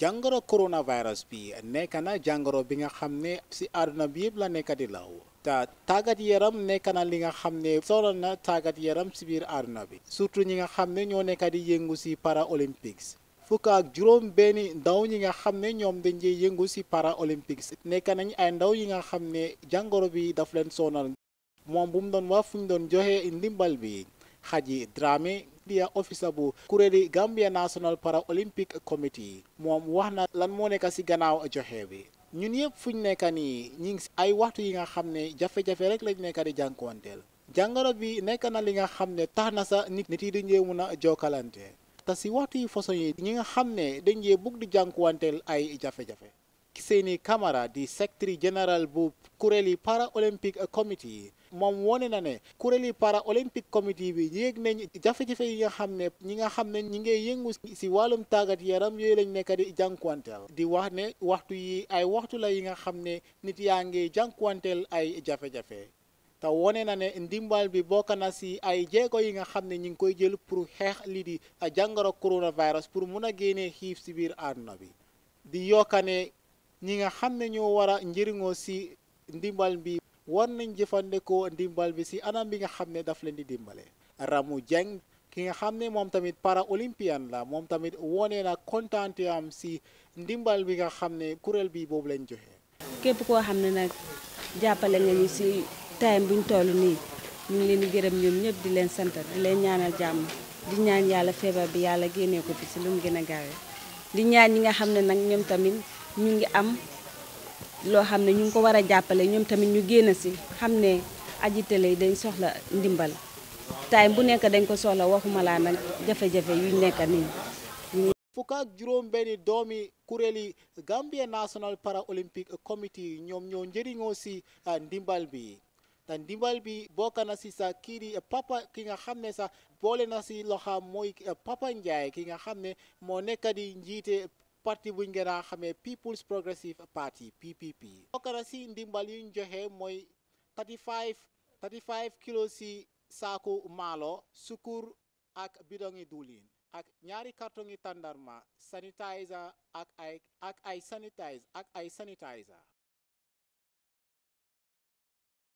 jàngoro coronavirus bi nekk na jàngoro bi nga xam ne si àdduna bi yëpp la nekk di law te tàggat yaram nekk na li nga xam ne soxla na tàggat yaram ci biir àdduna bi surtout ñi nga xam ne ñoo nekk di yëngu si para olympics fukk ak juróom benn ñi nga xam ne ñoom dañ dee yëngu si para olympics nekk nañ ay ndaw yi nga xam ne jàngoro bi daf leen sonal moom bu doon wax doon joxe ndimbal bi Haji Dramé media officer bu kuréeli Gambia National Para Olympic Committee moom wax na lan moo nekk si gannaaw joxe bi. ñun yëpp fuñ nekk nii ñi ngi ay waxtu yi nga xam ne jafe-jafe rek lañ nekk di jànkuwanteel jàngaro bi nekk na li nga xam ne tax na sa nit ñi yi dañ dee mun a jokkalante te si waxtu yi façon yi ñi nga xam ne dañ dee bugg di jànkuwanteel ay jafe-jafe seeni camara di secrétaire général bu kuréeli para olympique committee moom wone na ne kuréeli para olympique committee bi yéeg nañ jafe-jafe yi nga xam ne ñi nga xam ne ñi ngay yëngu si wàllum tàggat yaram yooyu lañ nekk di jànkuwanteel di wax ne waxtu yi ay waxtu la yi nga xam ne nit yaa ngi jànkuwanteel ay jafe-jafe te wone na ne ndimbal bi bokk na si ay jéego yi nga xam ne ñi ngi koy jël pour xeex lii di jàngoro coronavirus pour mun a génnee xiif si biir àdduna bi ñi nga xam ne ñoo war a njëriñoo si ndimbal bi war nañ jëfandikoo ndimbal bi si anam bi nga xam ne daf leen di dimbale Ramu Jeng ki nga xam ne moom tamit para olympien la moom tamit wone na kontaante am si ndimbal bi nga xam ne kuréel bi boobu lañ joxe. képp koo xam ne nag jàppale nga ñu si time buñ toll nii ñu ngi leen di gërëm ñoom ñëpp di leen sant di leen ñaanal jàmm di ñaan yàlla feebar bi yàlla génnee ko fi si lu mu gën a gaawee di ñaan ñi ñu ngi am loo xam ne ñu ngi ko war a jàppale ñoom tamit ñu génn si xam ne aji télé yi dañ soxla ndimbal time bu nekk dañ ko soxla waxuma laa nag jafe-jafe yu nekk nii fukk juróom benni doomi kuréeli Gambia National Paralympic Committee ñoom ñoo njariñoo si ah, ndimbal bi te ndimbal bi bokk na si sa kii di papa ki nga xam ne sax boole na si loxo mooy eh, papa Ndiaye ki nga xam ne moo nekk di njiite parti buñ gën a xamee People's Progressive Party PPP. bokkara si ndimbal yuñ joxe mooy 35 35 kilos si saaku maalo sukur ak bidongi duulin ak ñaari carton yi tàndarma sanitizer ak ay ak ay sanitizer ak ay sanitizer